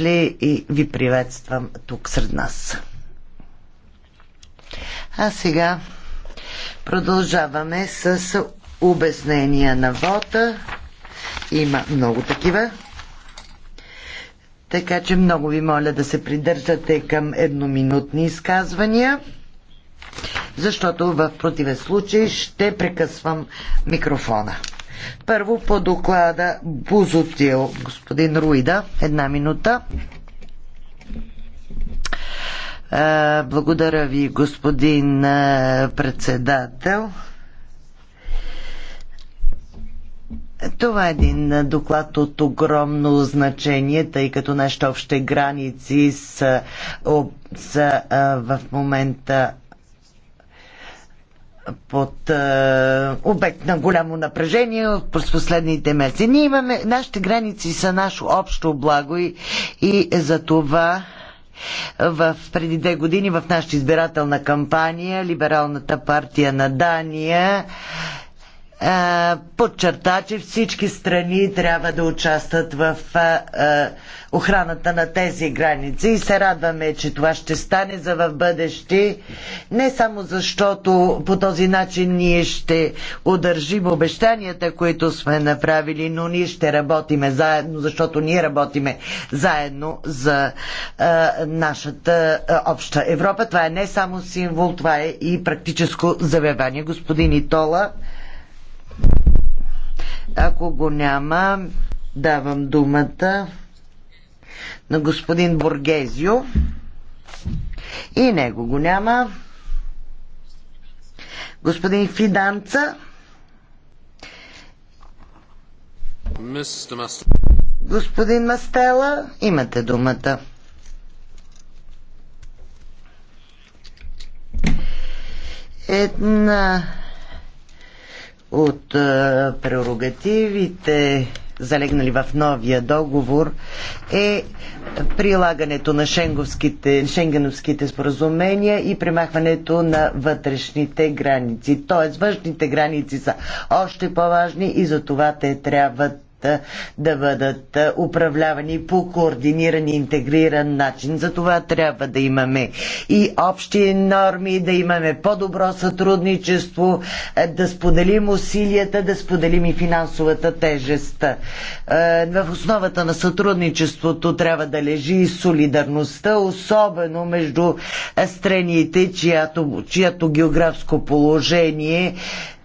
дошли и ви приветствам тук сред нас. А сега продължаваме с обяснения на вота. Има много такива. Така че много ви моля да се придържате към едноминутни изказвания, защото в противен случай ще прекъсвам микрофона. Първо по доклада Бузотил. Господин Руида, една минута. Благодаря ви, господин председател. Това е един доклад от огромно значение, тъй като нашите общи граници са, са в момента под а, е, обект на голямо напрежение през последните месеци. Ние имаме, нашите граници са наше общо благо и, и за това в, преди две години в нашата избирателна кампания Либералната партия на Дания е, подчерта, че всички страни трябва да участват в е, е, охраната на тези граници и се радваме, че това ще стане за в бъдеще, не само защото по този начин ние ще удържим обещанията, които сме направили, но ние ще работиме заедно, защото ние работиме заедно за нашата обща Европа. Това е не само символ, това е и практическо завяване. Господин Итола, ако го няма, давам думата на господин Боргезио. И него го няма. Господин Фиданца. Господин Мастела, имате думата. Една от прерогативите, залегнали в новия договор, е прилагането на шенговските, шенгеновските споразумения и премахването на вътрешните граници. Тоест, външните граници са още по-важни и за това те трябва да бъдат управлявани по координиран и интегриран начин. За това трябва да имаме и общи норми, да имаме по-добро сътрудничество, да споделим усилията, да споделим и финансовата тежест. В основата на сътрудничеството трябва да лежи и солидарността, особено между страните, чиято, чиято географско положение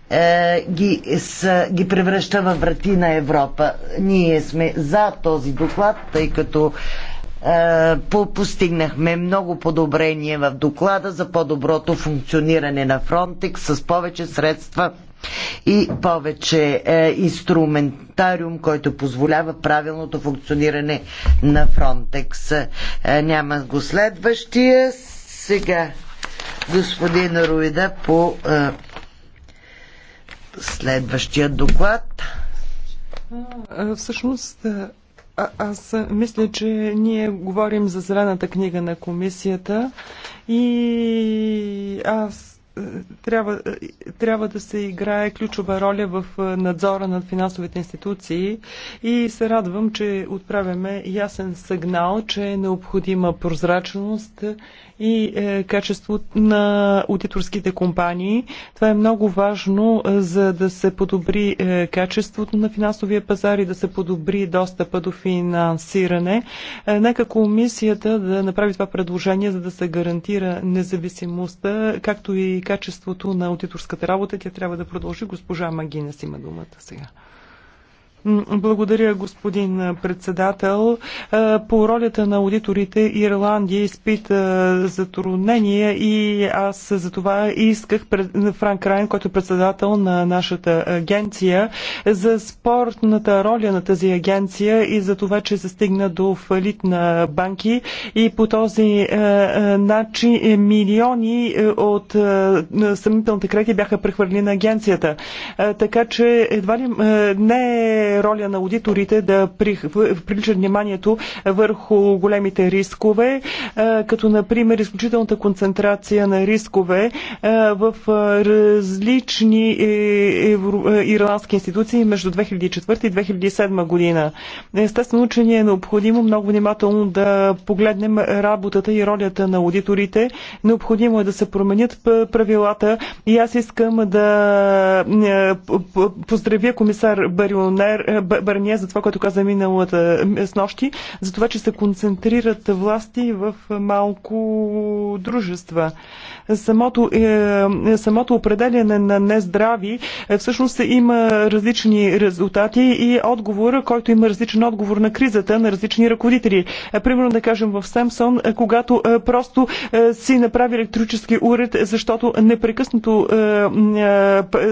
е, ги, с, ги превръща във врати на Европа. Ние сме за този доклад, тъй като е, по постигнахме много подобрение в доклада за по-доброто функциониране на Фронтекс с повече средства и повече е, инструментариум, който позволява правилното функциониране на Фронтекс. Е, няма го следващия. Сега господин Руида по е, Следващия доклад. Всъщност, а, аз мисля, че ние говорим за зелената книга на комисията и аз трябва, трябва да се играе ключова роля в надзора над финансовите институции и се радвам, че отправяме ясен сигнал, че е необходима прозрачност и е, качество на аудиторските компании. Това е много важно, е, за да се подобри е, качеството на финансовия пазар и да се подобри достъпа до финансиране. Нека комисията да направи това предложение, за да се гарантира независимостта, както и качеството на аудиторската работа. Тя трябва да продължи. Госпожа Магина си има думата сега. Благодаря, господин председател. Е, по ролята на аудиторите Ирландия изпита е, затруднения и аз за това исках Франк Райн, който е председател на нашата агенция, за спортната роля на тази агенция и за това, че се стигна до фалит на банки и по този е, начин милиони от съмнителните кредити бяха прехвърлени на агенцията. Така че едва ли не е роля на аудиторите да приличат вниманието върху големите рискове, като например изключителната концентрация на рискове в различни е, ирландски институции между 2004 и 2007 година. Естествено, че ни е необходимо много внимателно да погледнем работата и ролята на аудиторите. Необходимо е да се променят правилата и аз искам да е, поздравя комисар Барионер е, Барния за това, което каза миналата е, с нощи, за това, че се концентрират власти в малко дружества самото, е, самото определяне на нездрави е, всъщност има различни резултати и отговор, който има различен отговор на кризата на различни ръководители. Е, примерно да кажем в е, когато просто си направи електрически уред, защото непрекъснато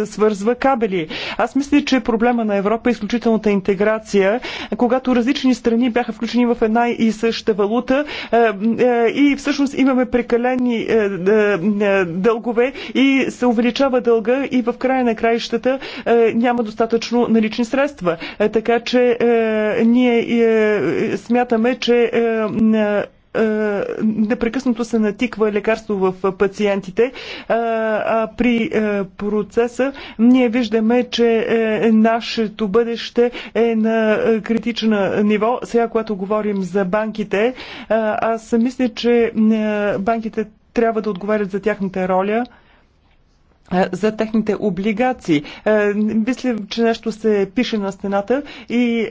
свързва кабели. Аз мисля, че проблема на Европа е изключителната интеграция, когато различни страни бяха включени в една и съща валута и всъщност имаме прекалени е, дългове и се увеличава дълга и в края на краищата е, няма достатъчно налични средства. Е, така че ние смятаме, че непрекъснато се натиква лекарство в пациентите. А при процеса ние виждаме, че нашето бъдеще е на критична ниво. Сега, когато говорим за банките, аз мисля, че банките трябва да отговарят за тяхната роля за техните облигации. Мисля, че нещо се пише на стената и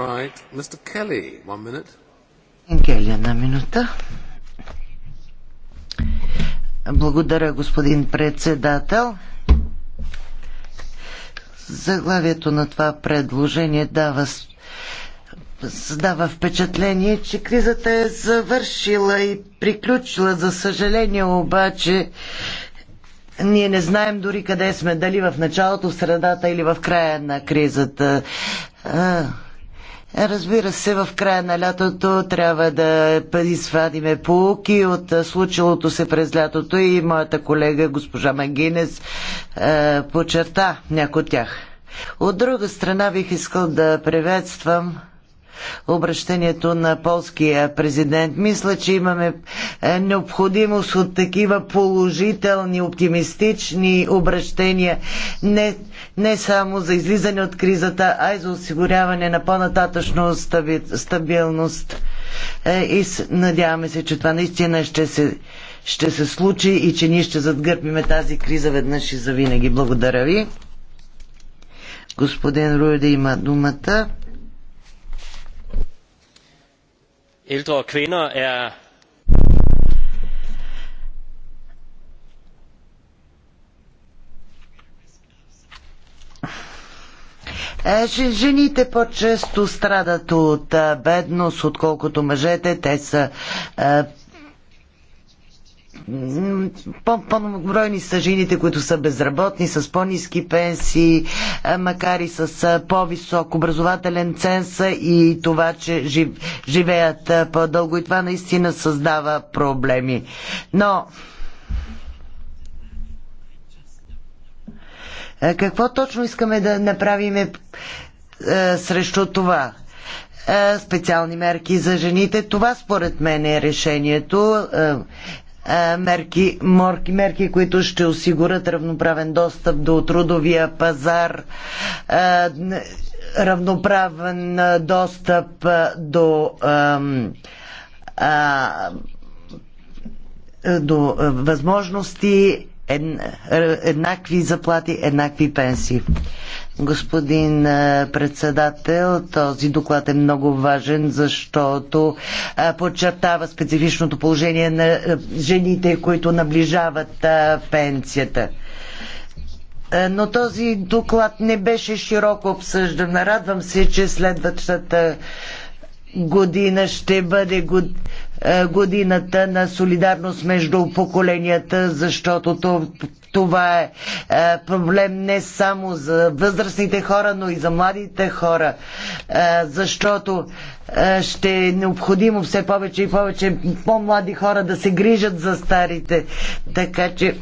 Right. Mr. Kelly, one minute. Келя една минута. Благодаря, господин председател. Заглавието на това предложение дава създава впечатление, че кризата е завършила и приключила. За съжаление обаче ние не знаем дори къде сме, дали в началото, в средата или в края на кризата. Разбира се, в края на лятото трябва да извадиме полуки от случилото се през лятото и моята колега госпожа Магинес почерта някои от тях. От друга страна бих искал да приветствам обращението на полския президент. Мисля, че имаме е, необходимост от такива положителни, оптимистични обращения не, не само за излизане от кризата, а и за осигуряване на по-нататъчно стабилност. Е, и надяваме се, че това наистина ще се ще се случи и че ние ще задгърбиме тази криза веднъж и завинаги. Благодаря ви. Господин Руеда има думата. ældre kvinder er е, Жените по-често страдат от бедност, отколкото мъжете. Те са е, по-многобройни са жените, които са безработни, с по-низки пенсии, макар и с по-висок образователен ценз и това, че живеят по-дълго. И това наистина създава проблеми. Но какво точно искаме да направим е, срещу това? специални мерки за жените. Това според мен е решението. Е, мерки, морки, мерки, които ще осигурят равноправен достъп до трудовия пазар, е, равноправен е, достъп до до възможности, еднакви заплати, еднакви пенсии господин председател. Този доклад е много важен, защото подчертава специфичното положение на жените, които наближават пенсията. Но този доклад не беше широко обсъждан. Радвам се, че следващата година ще бъде год... годината на солидарност между поколенията, защото това е, е проблем не само за възрастните хора, но и за младите хора, е, защото е, ще е необходимо все повече и повече по-млади хора да се грижат за старите. Така че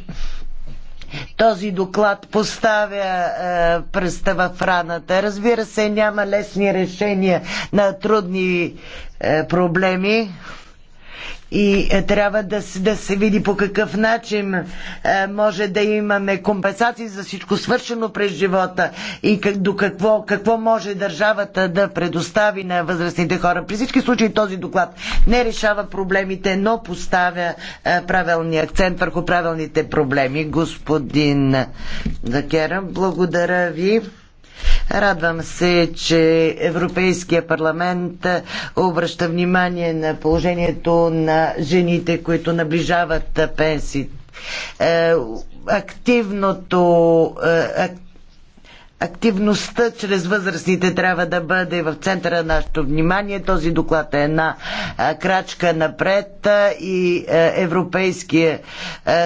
този доклад поставя е, пръста в раната. Разбира се, няма лесни решения на трудни е, проблеми и е, трябва да, да се види по какъв начин е, може да имаме компенсации за всичко свършено през живота и как, до какво, какво може държавата да предостави на възрастните хора. При всички случаи този доклад не решава проблемите, но поставя е, правилния акцент върху правилните проблеми. Господин Закера, благодаря ви. Радвам се, че Европейския парламент обръща внимание на положението на жените, които наближават пенсиите. Активното, е, активността чрез възрастните трябва да бъде в центъра на нашето внимание. Този доклад е една крачка напред и Европейския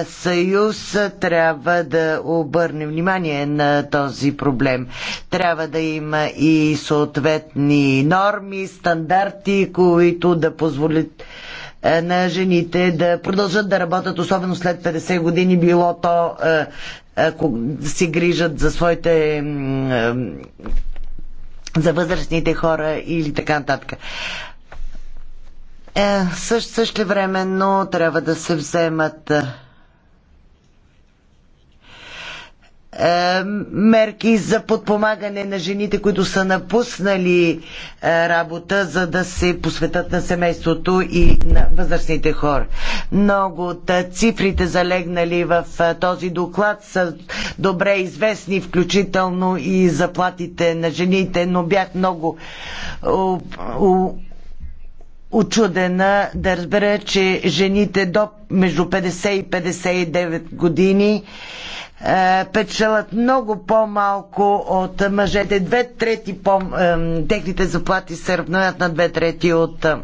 съюз трябва да обърне внимание на този проблем. Трябва да има и съответни норми, стандарти, които да позволят на жените да продължат да работят, особено след 50 години, било то се грижат за своите за възрастните хора или така нататък. Е, също, също време, но трябва да се вземат Е, мерки за подпомагане на жените, които са напуснали е, работа, за да се посветат на семейството и на възрастните хора. Много от цифрите залегнали в е, този доклад са добре известни, включително и заплатите на жените, но бях много очудена да разбера, че жените до между 50 и 59 години е, печелят много по-малко от мъжете. Две трети по, техните заплати се равняват на две трети от е,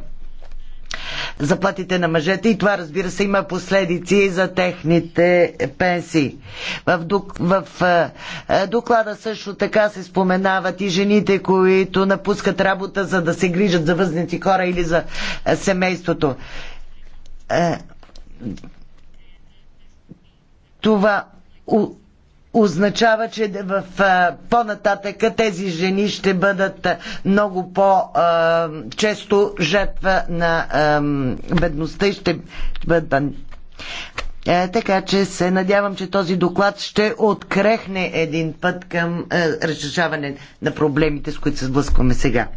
заплатите на мъжете и това разбира се има последици за техните пенсии. В, док, в е, е, доклада също така се споменават и жените, които напускат работа за да се грижат за възнати хора или за е, семейството. Е, това означава, че в по-нататъка тези жени ще бъдат много по-често жертва на бедността и ще бъдат е, така че се надявам, че този доклад ще открехне един път към е, разрешаване на проблемите, с които се сблъскваме сега.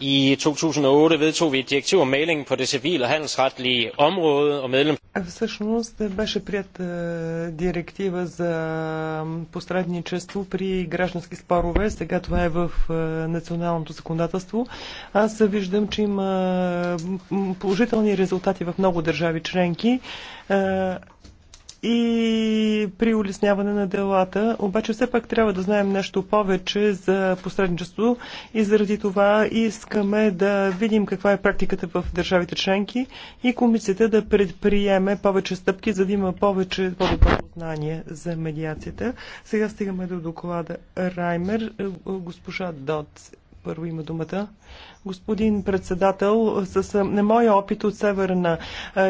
I 2008 vedtog vi et direktiv om mailing på det civil- og handelsretlige område og medlem... Е, всъщност е, беше прият е, директива за посредничество при граждански спорове. Сега това е в националното законодателство. Аз виждам, че има положителни резултати в много държави членки и при улесняване на делата. Обаче все пак трябва да знаем нещо повече за посредничество и заради това искаме да видим каква е практиката в държавите членки и комисията да предприеме повече стъпки, за да има повече по-добро познание за медиацията. Сега стигаме до доклада Раймер. Госпожа Дот първо има думата. Господин председател, с моя опит от Северна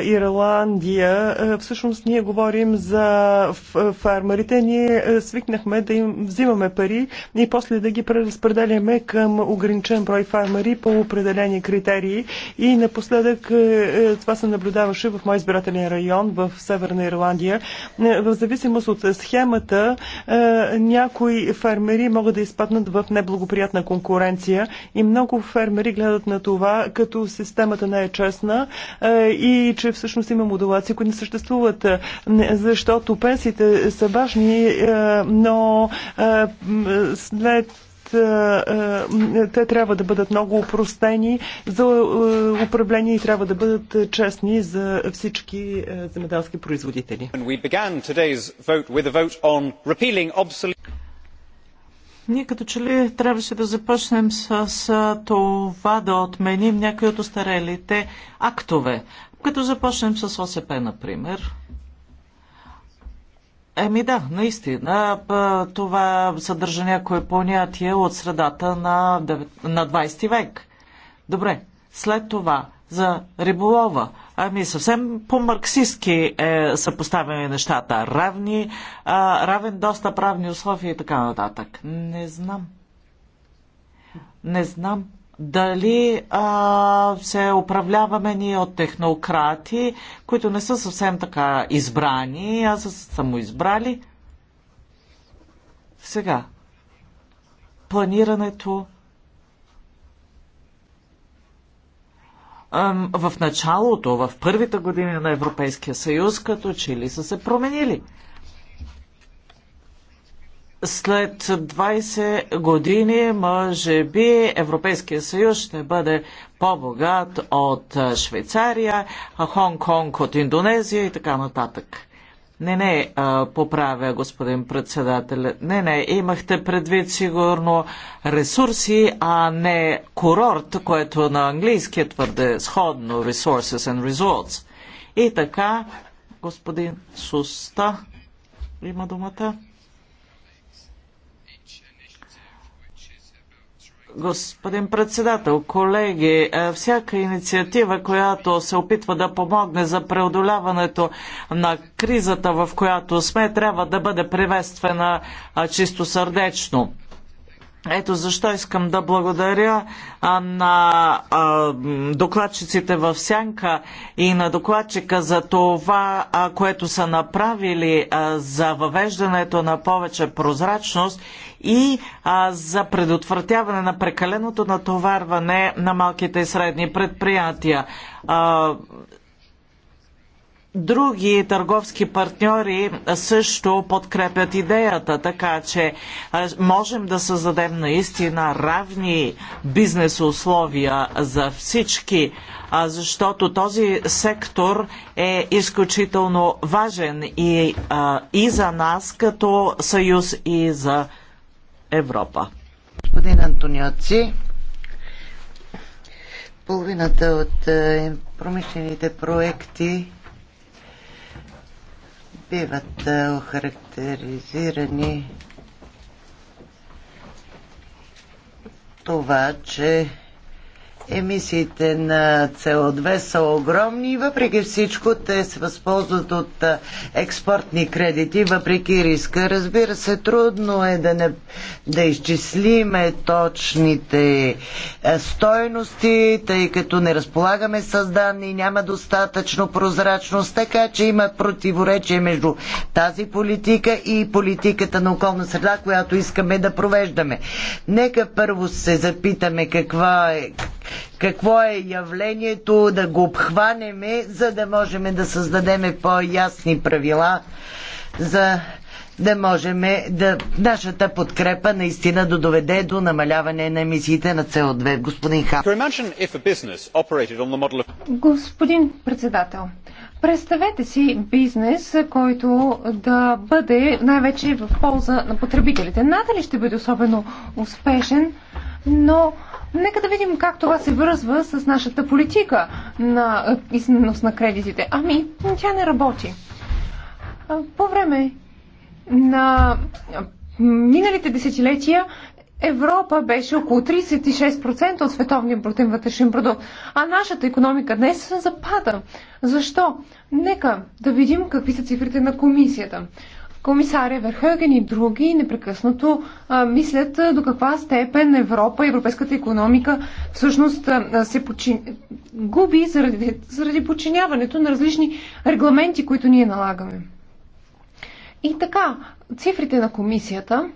Ирландия, всъщност ние говорим за фармерите. Ние свикнахме да им взимаме пари и после да ги преразпределяме към ограничен брой фармери по определени критерии. И напоследък това се наблюдаваше в мой избирателен район в Северна Ирландия. В зависимост от схемата, някои фермери могат да изпаднат в неблагоприятна конкуренция и много фермери фермери гледат на това като системата не е честна е, и че всъщност има модулации, които не съществуват, защото пенсиите са важни, е, но е, след те трябва да бъдат много упростени за управление и трябва да бъдат честни за всички земеделски производители. Ние като че ли трябваше да започнем с, с това да отменим някои от остарелите актове. Като започнем с ОСП, например. Еми да, наистина, това съдържа някое понятие е от средата на 20 век. Добре, след това за риболова. Ами съвсем по-марксистски е, са поставени нещата. Равни, а, равен доста правни условия и така нататък. Не знам. Не знам дали а, се управляваме ние от технократи, които не са съвсем така избрани, а са самоизбрали. Сега, планирането в началото, в първите години на Европейския съюз, като че ли са се променили. След 20 години, може би, Европейския съюз ще бъде по-богат от Швейцария, Хонг-Конг от Индонезия и така нататък. Не, не, а, поправя господин председател. Не, не, имахте предвид сигурно ресурси, а не курорт, което на английски е твърде сходно. Resources and results. И така, господин Суста има думата. Господин председател, колеги, е, всяка инициатива, която се опитва да помогне за преодоляването на кризата, в която сме, трябва да бъде приветствена чисто сърдечно. Ето защо искам да благодаря на докладчиците в Сянка и на докладчика за това, което са направили за въвеждането на повече прозрачност и за предотвратяване на прекаленото натоварване на малките и средни предприятия други търговски партньори също подкрепят идеята, така че можем да създадем наистина равни бизнес условия за всички, защото този сектор е изключително важен и, и за нас като съюз и за Европа. Господин Антониоци, половината от е, промишлените проекти биват охарактеризирани това, че Емисиите на CO2 са огромни и въпреки всичко те се възползват от експортни кредити, въпреки риска. Разбира се, трудно е да, не, да изчислиме точните стойности, тъй като не разполагаме с данни, няма достатъчно прозрачност, така че има противоречие между тази политика и политиката на околна среда, която искаме да провеждаме. Нека първо се запитаме каква е какво е явлението, да го обхванеме, за да можем да създадем по-ясни правила за да можем да нашата подкрепа наистина да доведе до намаляване на емисиите на co 2 Господин Ха. Господин председател, представете си бизнес, който да бъде най-вече в полза на потребителите. Надали ще бъде особено успешен, но Нека да видим как това се връзва с нашата политика на е, истинност на кредитите. Ами, тя не работи. По време на миналите десетилетия Европа беше около 36% от световния брутен вътрешен продукт, а нашата економика днес се запада. Защо? Нека да видим какви са цифрите на комисията комисаря Верхъген и други непрекъснато а, мислят а, до каква степен Европа, европейската економика всъщност а, се почин... губи заради, заради подчиняването на различни регламенти, които ние налагаме. И така, цифрите на комисията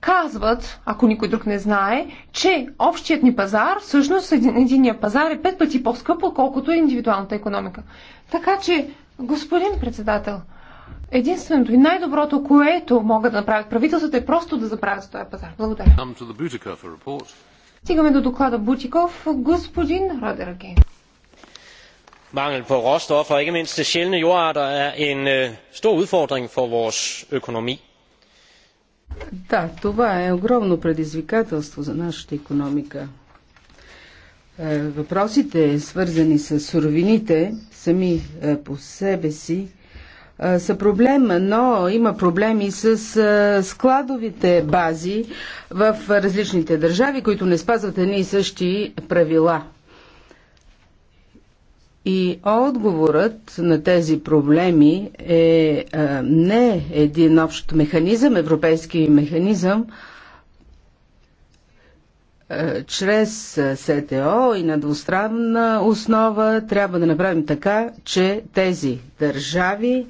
казват, ако никой друг не знае, че общият ни пазар, всъщност един, единия пазар е пет пъти по-скъп, отколкото е индивидуалната економика. Така че Господин председател, единственото и най-доброто, което могат да направят правителството е просто да забравят този пазар. Благодаря. Стигаме до доклада Бутиков. Господин Родерген. Mangel på råstoffer, ikke mindst til sjældne jordarter, er en øh, stor udfordring for vores økonomi. Да, това е огромно предизвикателство за нашата економика. Е, въпросите, свързани с суровините, сами е, по себе си, е, са проблем, но има проблеми с складовите бази в различните държави, които не спазват едни и същи правила. И отговорът на тези проблеми е не един общ механизъм, европейски механизъм, е, чрез е, СТО и на двустранна основа трябва да направим така, че тези държави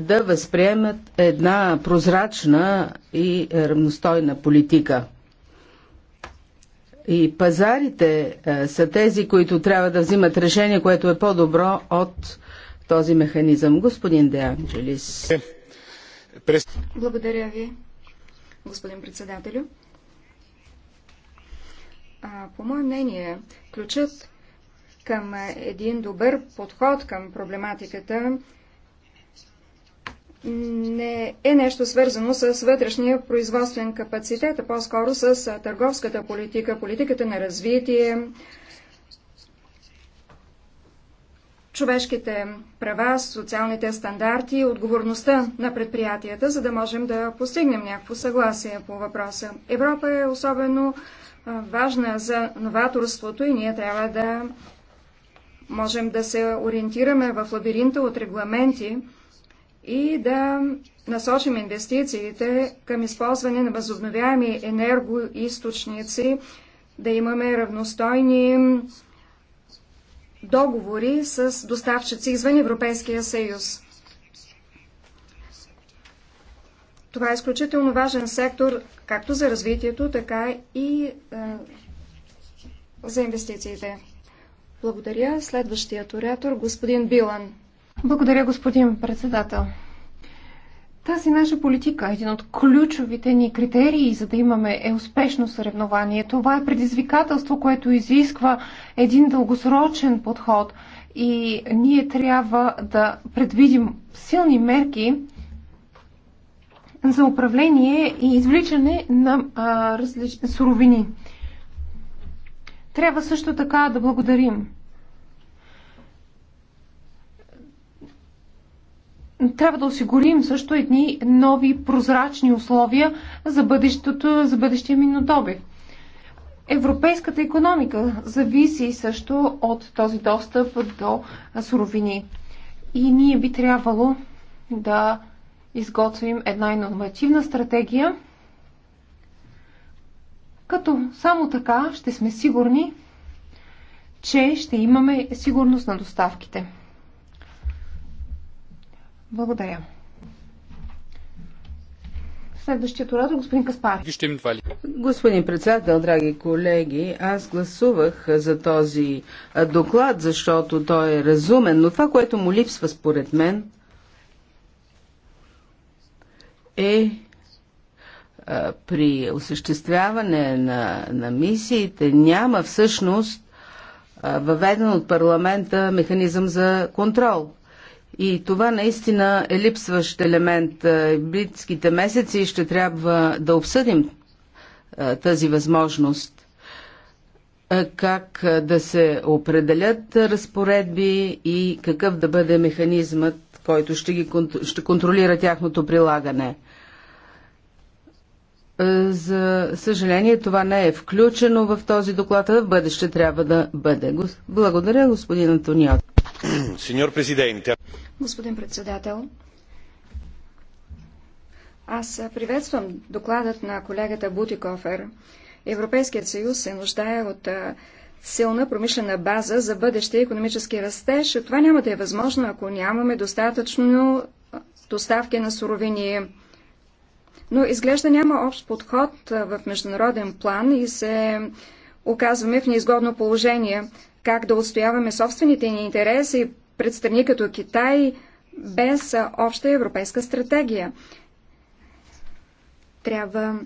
да възприемат една прозрачна и равностойна политика. И пазарите е, са тези, които трябва да взимат решение, което е по-добро от този механизъм. Господин Де Анджелис. Благодаря ви, господин председателю по мое мнение, ключът към един добър подход към проблематиката не е нещо свързано с вътрешния производствен капацитет, а по-скоро с търговската политика, политиката на развитие, човешките права, социалните стандарти отговорността на предприятията, за да можем да постигнем някакво съгласие по въпроса. Европа е особено важна за новаторството и ние трябва да можем да се ориентираме в лабиринта от регламенти и да насочим инвестициите към използване на възобновяеми енергоисточници, да имаме равностойни договори с доставчици извън Европейския съюз. Това е изключително важен сектор, както за развитието, така и е, за инвестициите. Благодаря. Следващият оратор, господин Билан. Благодаря, господин председател. Тази наша политика, е един от ключовите ни критерии, за да имаме е успешно съревнование. Това е предизвикателство, което изисква един дългосрочен подход и ние трябва да предвидим силни мерки, за управление и извличане на а, различни суровини. Трябва също така да благодарим. Трябва да осигурим също едни нови прозрачни условия за бъдещето, за бъдещия минодоби. Европейската економика зависи също от този достъп до суровини. И ние би трябвало да изготвим една иновативна стратегия, като само така ще сме сигурни, че ще имаме сигурност на доставките. Благодаря. Следващият урод господин Каспар. Господин председател, драги колеги, аз гласувах за този доклад, защото той е разумен, но това, което му липсва според мен, е, е при осъществяване на, на мисиите няма всъщност е, въведен от парламента механизъм за контрол. И това наистина е липсващ елемент. Е, близките месеци ще трябва да обсъдим тази възможност. Как да се определят разпоредби и какъв да бъде механизмът, който ще, ги, ще контролира тяхното прилагане. За съжаление, това не е включено в този доклад, а в бъдеще трябва да бъде. Благодаря, господин Антониот. Сеньор Господин председател, аз приветствам докладът на колегата Бутикофер. Европейският съюз се нуждае от силна промишлена база за бъдещия економически растеж. Това няма да е възможно, ако нямаме достатъчно доставки на суровини но изглежда няма общ подход в международен план и се оказваме в неизгодно положение. Как да отстояваме собствените ни интереси пред страни като Китай без обща европейска стратегия? Трябва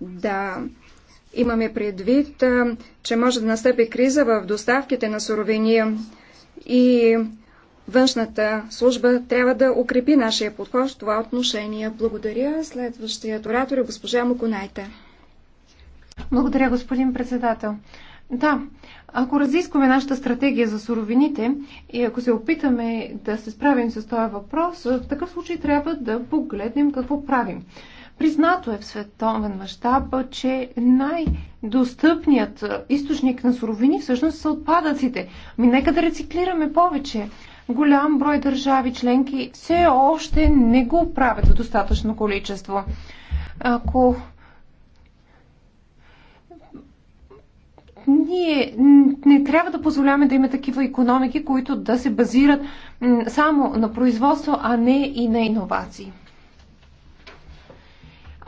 да имаме предвид, че може да настъпи криза в доставките на суровини и Външната служба трябва да укрепи нашия подход в това отношение. Благодаря. Следващият оратор е госпожа Муконайте. Благодаря, господин председател. Да, ако разискваме нашата стратегия за суровините и ако се опитаме да се справим с този въпрос, в такъв случай трябва да погледнем какво правим. Признато е в световен мащаб, че най-достъпният източник на суровини всъщност са отпадъците. Ми нека да рециклираме повече голям брой държави членки все още не го правят в достатъчно количество. Ако ние не трябва да позволяваме да има такива економики, които да се базират само на производство, а не и на иновации.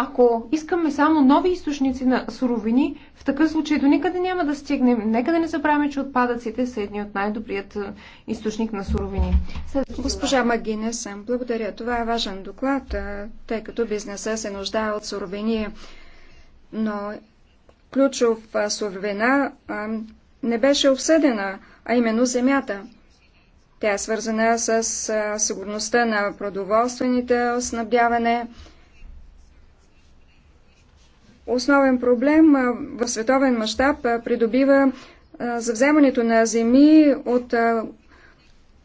Ако искаме само нови източници на суровини, в такъв случай до никъде няма да стигнем. Нека да не забравяме, че отпадъците са едни от най-добрият е, източник на суровини. Госпожа съм благодаря. Това е важен доклад, е, тъй като бизнеса се нуждае от суровини. Но ключов е, суровина не беше обсъдена, а именно земята. Тя е свързана с сигурността на продоволствените снабдяване, основен проблем в световен мащаб придобива за вземането на земи от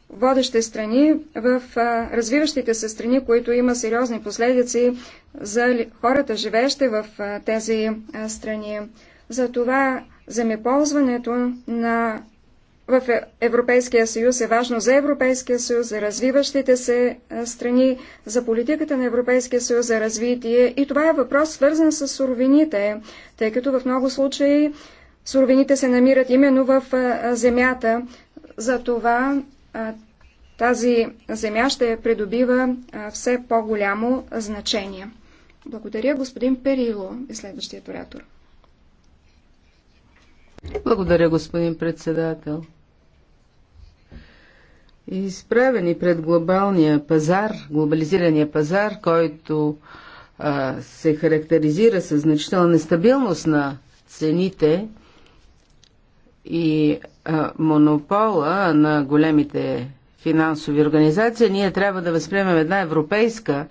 водещи страни в развиващите се страни, които има сериозни последици за хората, живеещи в тези страни. Затова земеползването на в е- Европейския съюз е важно за Европейския съюз, за развиващите се страни, за политиката на Европейския съюз, за развитие. И това е въпрос свързан с суровините, тъй като в много случаи суровините се намират именно в земята. За това тази земя ще придобива все по-голямо значение. Благодаря, господин Перило, и следващият оратор. Благодаря, господин председател изправени пред глобалния пазар, глобализирания пазар, който а, се характеризира с значителна нестабилност на цените и а, монопола на големите финансови организации, ние трябва да възприемем една европейска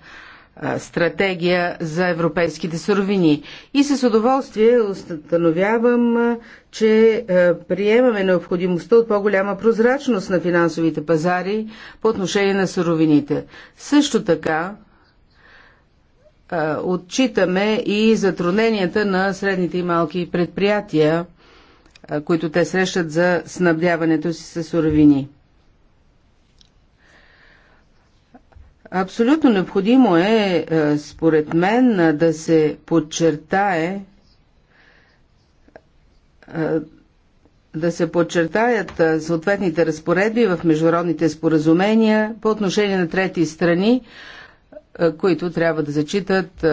стратегия за европейските суровини. И с удоволствие установявам, че приемаме необходимостта от по-голяма прозрачност на финансовите пазари по отношение на суровините. Също така отчитаме и затрудненията на средните и малки предприятия, които те срещат за снабдяването си с суровини. Абсолютно необходимо е, е според мен, е, да се подчертае е, да се подчертаят съответните разпоредби в международните споразумения по отношение на трети страни, които трябва да зачитат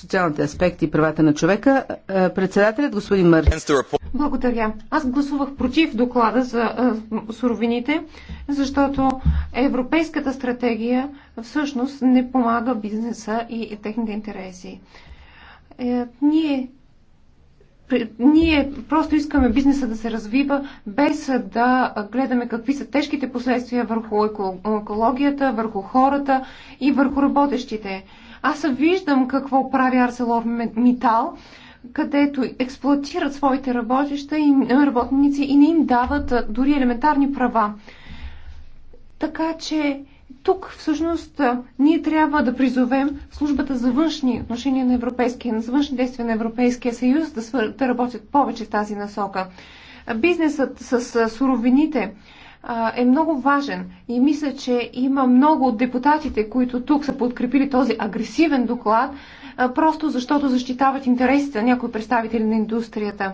социалните аспекти и правата на човека. Е, председателят господин Мърс. Благодаря. Аз гласувах против доклада за а, е, суровините, защото европейската стратегия всъщност не помага бизнеса и техните интереси. Е, ние ние просто искаме бизнеса да се развива, без да гледаме какви са тежките последствия върху екологията, върху хората и върху работещите. Аз виждам какво прави Арселор Митал, където експлуатират своите работища и работници и не им дават дори елементарни права. Така че тук всъщност ние трябва да призовем службата за външни отношения на Европейския, на външни действия на Европейския съюз да, свър... да работят повече в тази насока. Бизнесът с суровините е много важен и мисля, че има много от депутатите, които тук са подкрепили този агресивен доклад, просто защото защитават интересите на някои представители на индустрията.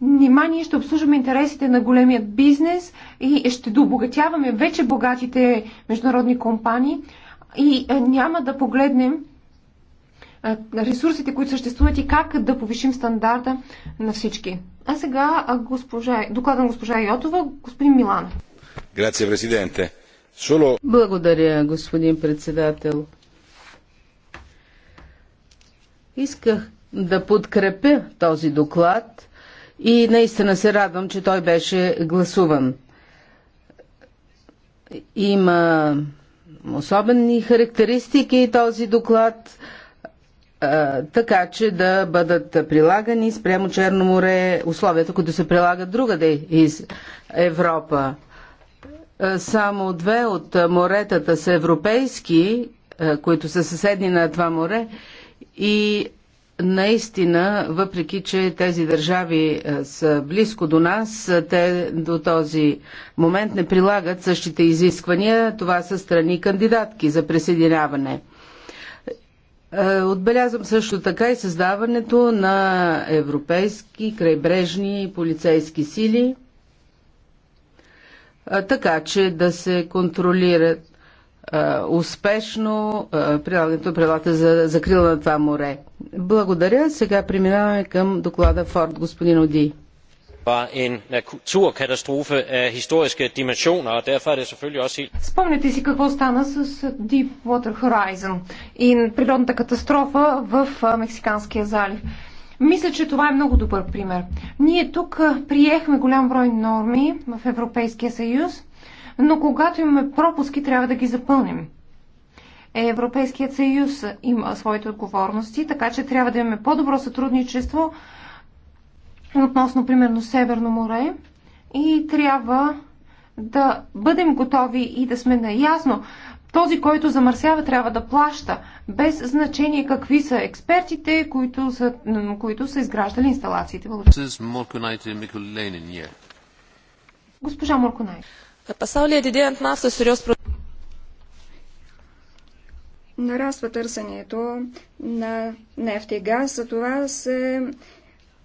Внимание, ще обслужваме интересите на големият бизнес и ще добогатяваме вече богатите международни компании и е, няма да погледнем ресурсите, които съществуват и как да повишим стандарта на всички. А сега госпожа, доклада на госпожа Йотова, господин Милан. Грация, президенте. Соло... Благодаря, господин председател. Исках да подкрепя този доклад и наистина се радвам, че той беше гласуван. Има особени характеристики този доклад така че да бъдат прилагани спрямо Черно море условията, които се прилагат другаде из Европа. Само две от моретата са европейски, които са съседни на това море и наистина, въпреки че тези държави са близко до нас, те до този момент не прилагат същите изисквания. Това са страни кандидатки за присъединяване. Е, отбелязвам също така и създаването на европейски крайбрежни полицейски сили, е, така че да се контролират е, успешно прилагането правилата за закрила на това море. Благодаря. Сега преминаваме към доклада Форд, господин Оди var en naturkatastrofe af historiske dimensioner, og derfor er det selvfølgelig også helt... Спомняте си какво стана с Deepwater Horizon и природната катастрофа в Мексиканския залив. Мисля, че това е много добър пример. Ние тук приехме голям брой норми в Европейския съюз, но когато имаме пропуски, трябва да ги запълним. Европейският съюз има своите отговорности, така че трябва да имаме по-добро сътрудничество относно, примерно, Северно море и трябва да бъдем готови и да сме наясно. Този, който замърсява, трябва да плаща, без значение какви са експертите, които са, които са изграждали инсталациите. Благодаря. Госпожа Морконай. Нараства търсенето на нефт и газ, за това се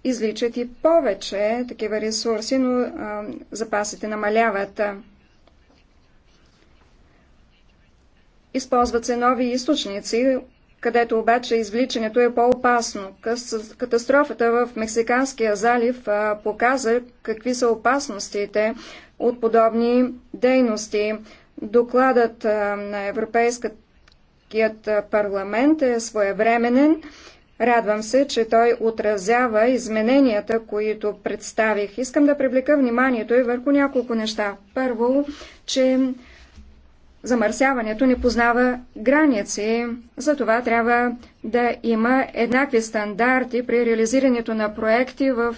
изличат и повече такива ресурси, но а, запасите намаляват. Използват се нови източници, където обаче извличането е по-опасно. Катастрофата в Мексиканския залив а, показа какви са опасностите от подобни дейности. Докладът а, на Европейският парламент е своевременен Радвам се, че той отразява измененията, които представих. Искам да привлека вниманието и върху няколко неща. Първо, че замърсяването не познава граници, затова трябва да има еднакви стандарти при реализирането на проекти в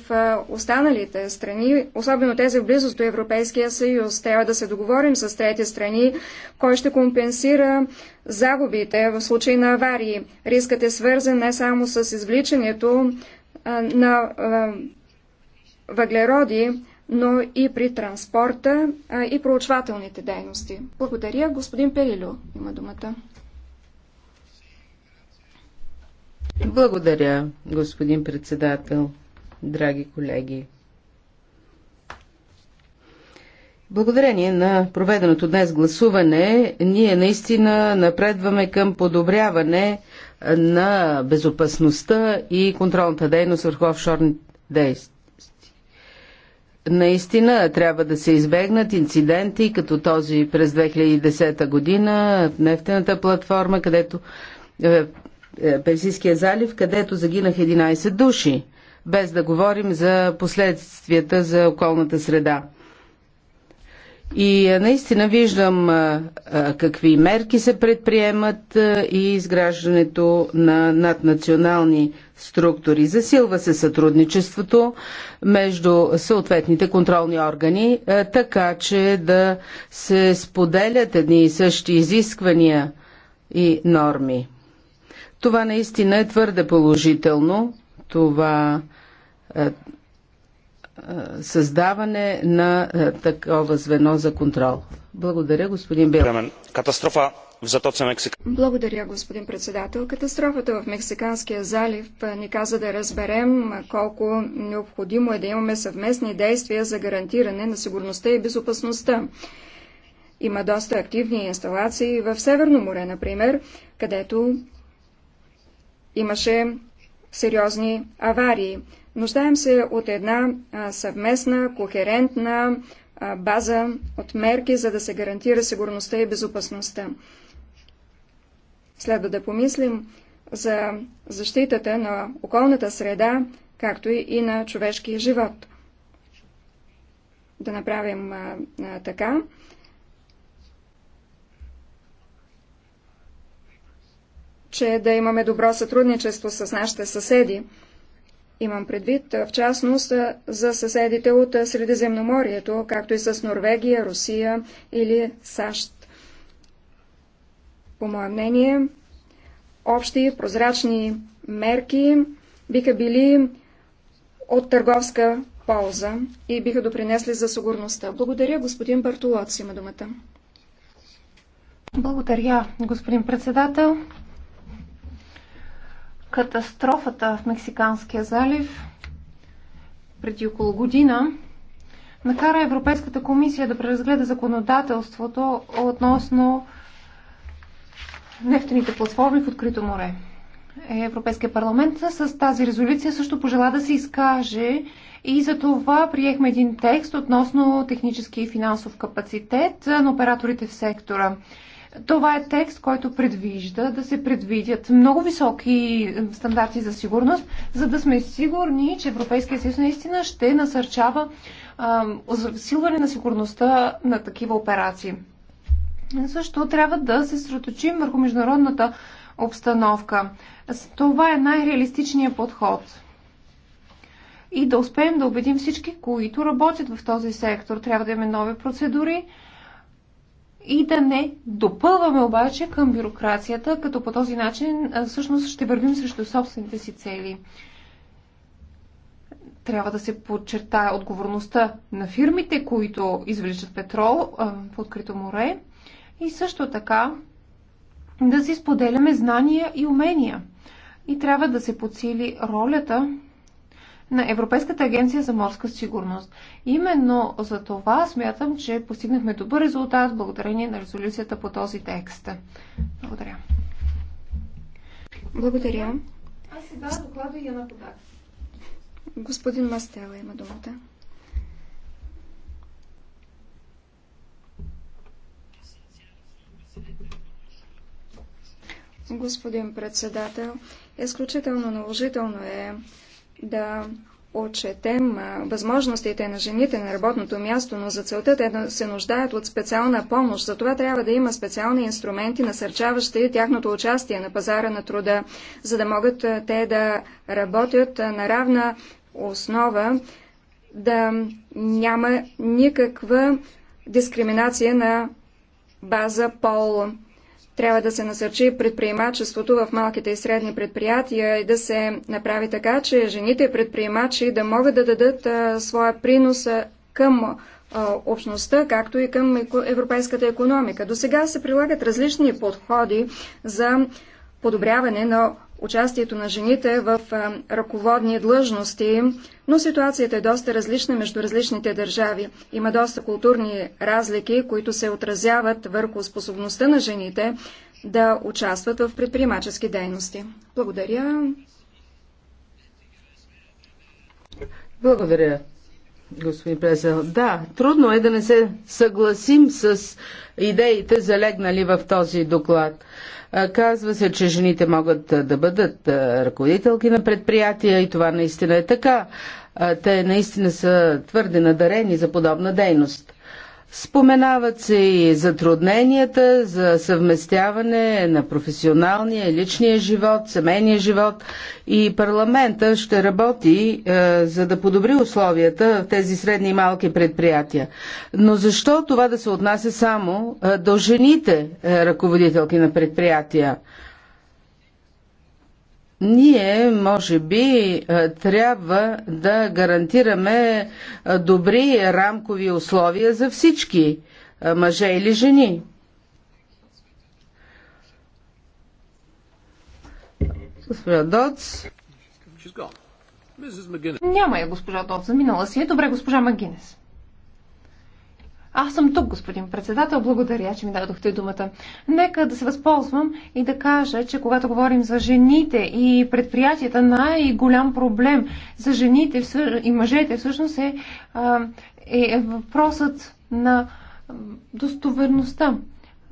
останалите страни, особено тези в близост до Европейския съюз. Трябва да се договорим с трети страни, кой ще компенсира загубите в случай на аварии. Рискът е свързан не само с извличането на въглероди, но и при транспорта и проучвателните дейности. Благодаря. Господин Перилю има думата. Благодаря, господин председател, драги колеги. Благодарение на проведеното днес гласуване, ние наистина напредваме към подобряване на безопасността и контролната дейност върху офшорните действия Наистина трябва да се избегнат инциденти като този през 2010 година нефтената платформа, където Пенсийския е, Персийския залив, където загинах 11 души, без да говорим за последствията за околната среда. И е, наистина виждам е, е, какви мерки се предприемат и изграждането на наднационални структури. Засилва се сътрудничеството между съответните контролни органи, така че да се споделят едни и същи изисквания и норми. Това наистина е твърде положително. Това създаване на е, такова звено за контрол. Благодаря, господин Бил. Катастрофа в Мексика. Благодаря, господин председател. Катастрофата в Мексиканския залив е, ни каза да разберем колко необходимо е да имаме съвместни действия за гарантиране на сигурността и безопасността. Има доста активни инсталации в Северно море, например, където имаше сериозни аварии. Нуждаем се от една съвместна, кохерентна база от мерки, за да се гарантира сигурността и безопасността. Следва да помислим за защитата на околната среда, както и на човешкия живот. Да направим а, а, така. че да имаме добро сътрудничество с нашите съседи, Имам предвид в частност за съседите от Средиземноморието, както и с Норвегия, Русия или САЩ. По мое мнение, общи прозрачни мерки биха били от търговска полза и биха допринесли за сигурността. Благодаря, господин Бартолоц има думата. Благодаря, господин председател катастрофата в Мексиканския залив преди около година накара Европейската комисия да преразгледа законодателството относно нефтените платформи в открито море. Е, Европейския парламент с тази резолюция също пожела да се изкаже и за това приехме един текст относно технически и финансов капацитет на операторите в сектора. Това е текст, който предвижда да се предвидят много високи стандарти за сигурност, за да сме сигурни, че Европейския съюз наистина ще насърчава засилване на сигурността на такива операции. Също трябва да се сроточим върху международната обстановка. Това е най-реалистичният подход. И да успеем да убедим всички, които работят в този сектор. Трябва да имаме нови процедури, и да не допълваме обаче към бюрокрацията, като по този начин всъщност ще вървим срещу собствените си цели. Трябва да се подчертая отговорността на фирмите, които извличат петрол в открито море и също така да си споделяме знания и умения. И трябва да се подсили ролята на Европейската агенция за морска сигурност. Именно за това смятам, че постигнахме добър резултат благодарение на резолюцията по този текст. Благодаря. Благодаря. А сега доклада я подак. Господин Мастела има думата. Господин председател, изключително наложително е да отчетем възможностите на жените на работното място, но за целта те да се нуждаят от специална помощ. За това трябва да има специални инструменти, насърчаващи тяхното участие на пазара на труда, за да могат те да работят на равна основа, да няма никаква дискриминация на база пол. Трябва да се насърчи предприемачеството в малките и средни предприятия и да се направи така, че жените предприемачи да могат да дадат а, своя принос към общността, както и към европейската економика. До сега се прилагат различни подходи за подобряване на участието на жените в ръководни длъжности, но ситуацията е доста различна между различните държави. Има доста културни разлики, които се отразяват върху способността на жените да участват в предприемачески дейности. Благодаря. Благодаря господин Презел. Да, трудно е да не се съгласим с идеите, залегнали в този доклад. Казва се, че жените могат да бъдат ръководителки на предприятия и това наистина е така. Те наистина са твърде надарени за подобна дейност. Споменават се и затрудненията за съвместяване на професионалния, личния живот, семейния живот и парламента ще работи е, за да подобри условията в тези средни и малки предприятия. Но защо това да се отнася само е, до жените е, ръководителки на предприятия? Ние, може би, е, трябва да гарантираме е, добри рамкови условия за всички, е, мъже или жени. Госпожа Доц. Няма я госпожа Доц, заминала си е. Добре, госпожа Магинес. Аз съм тук, господин председател. Благодаря, че ми дадохте думата. Нека да се възползвам и да кажа, че когато говорим за жените и предприятията, най-голям проблем за жените и мъжете всъщност е, е въпросът на достоверността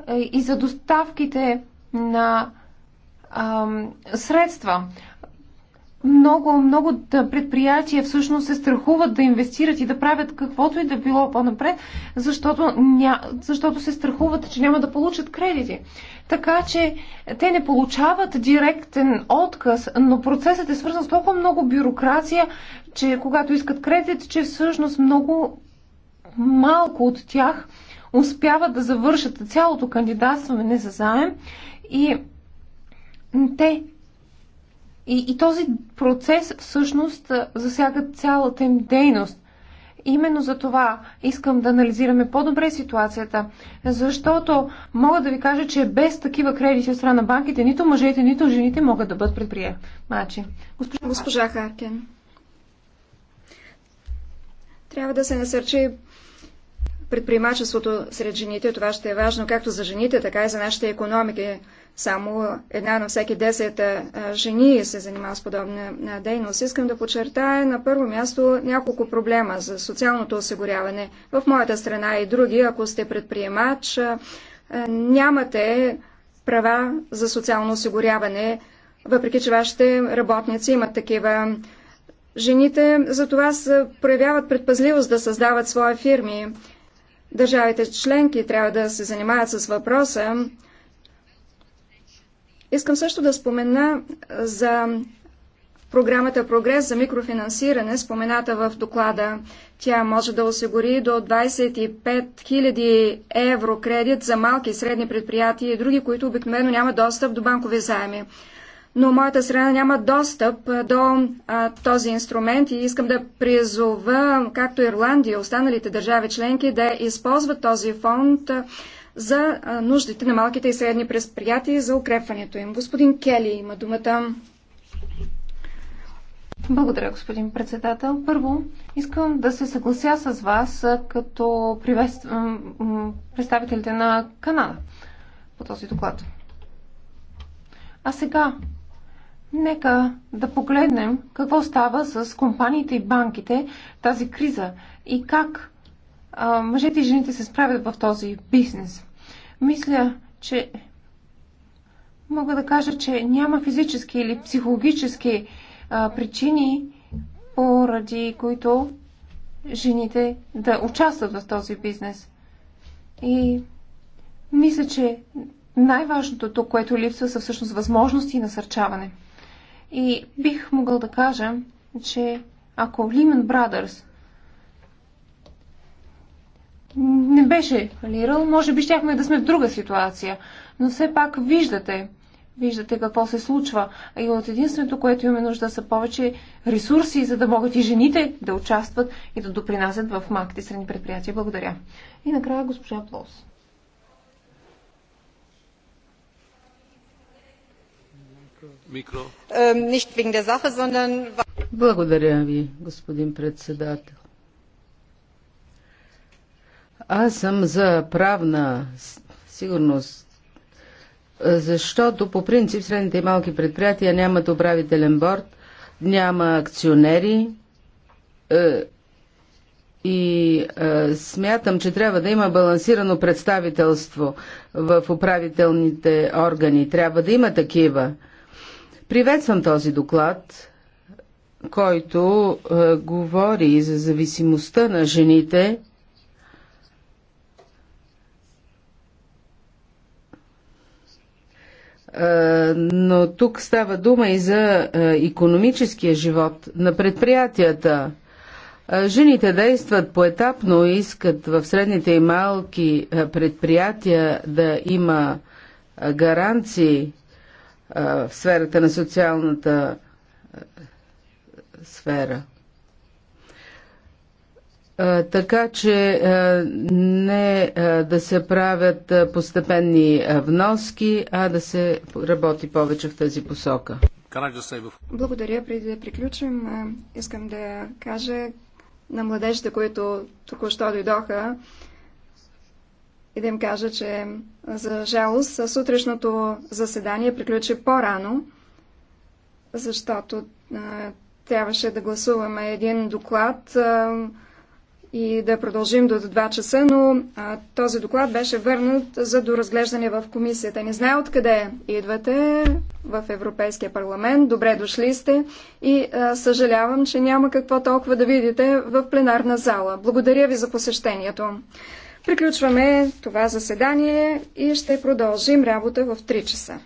е, и за доставките на средства много, много да предприятия всъщност се страхуват да инвестират и да правят каквото и да било по-напред, защото, ня... защото се страхуват, че няма да получат кредити. Така че те не получават директен отказ, но процесът е свързан с толкова много бюрокрация, че когато искат кредит, че всъщност много малко от тях успяват да завършат цялото кандидатстване за заем и те и, и този процес всъщност засяга цялата им дейност. Именно за това искам да анализираме по-добре ситуацията, защото мога да ви кажа, че без такива кредити от страна на банките нито мъжете, нито жените могат да бъдат предприемачи. Госпожа, Госпожа Харкен. Трябва да се насърчи предприемачеството сред жените. Това ще е важно както за жените, така и за нашите економики. Само една на всеки 10 жени се занимава с подобна дейност. Искам да подчертая на първо място няколко проблема за социалното осигуряване. В моята страна и други, ако сте предприемач, нямате права за социално осигуряване, въпреки че вашите работници имат такива. Жените за това проявяват предпазливост да създават свои фирми. Държавите членки трябва да се занимават с въпроса Искам също да спомена за програмата Прогрес за микрофинансиране, спомената в доклада. Тя може да осигури до 25 000 евро кредит за малки и средни предприятия и други, които обикновено нямат достъп до банкови заеми. Но моята страна няма достъп до а, този инструмент и искам да призова, както Ирландия и останалите държави членки, да използват този фонд. А, за нуждите на малките и средни предприятия и за укрепването им. Господин Кели има думата. Благодаря, господин председател. Първо, искам да се съглася с вас като представителите на Канада по този доклад. А сега, нека да погледнем какво става с компаниите и банките тази криза и как мъжете и жените се справят в този бизнес. Мисля, че мога да кажа, че няма физически или психологически а, причини, поради които жените да участват в този бизнес. И мисля, че най-важното тук, което липсва, са всъщност възможности и насърчаване. И бих могъл да кажа, че ако Lehman Brothers не беше фалирал, може би щяхме да сме в друга ситуация. Но все пак виждате, виждате какво се случва. и от единственото, което имаме нужда са повече ресурси, за да могат и жените да участват и да допринасят в малките средни предприятия. Благодаря. И накрая госпожа Плос. Е, Благодаря ви, господин председател. Аз съм за правна сигурност, защото по принцип средните и малки предприятия нямат управителен борт, няма акционери е, и е, смятам, че трябва да има балансирано представителство в управителните органи. Трябва да има такива. Приветствам този доклад, който е, говори за зависимостта на жените Е, но тук става дума и за економическия живот на предприятията. Е, жените действат поетапно и искат в средните и малки е, предприятия да има гаранции в сферата на социалната сфера. Е, така че е, не е, да се правят постепенни вноски, а да се работи повече в тази посока. Благодаря. Преди да приключим, искам да кажа на младежите, които току-що дойдоха, и да им кажа, че за жалост сутрешното заседание приключи по-рано, защото трябваше да гласуваме един доклад, и да продължим до 2 часа, но а, този доклад беше върнат за доразглеждане в комисията. Не знае откъде идвате в Европейския парламент, добре дошли сте и а, съжалявам, че няма какво толкова да видите в пленарна зала. Благодаря ви за посещението. Приключваме това заседание и ще продължим работа в 3 часа.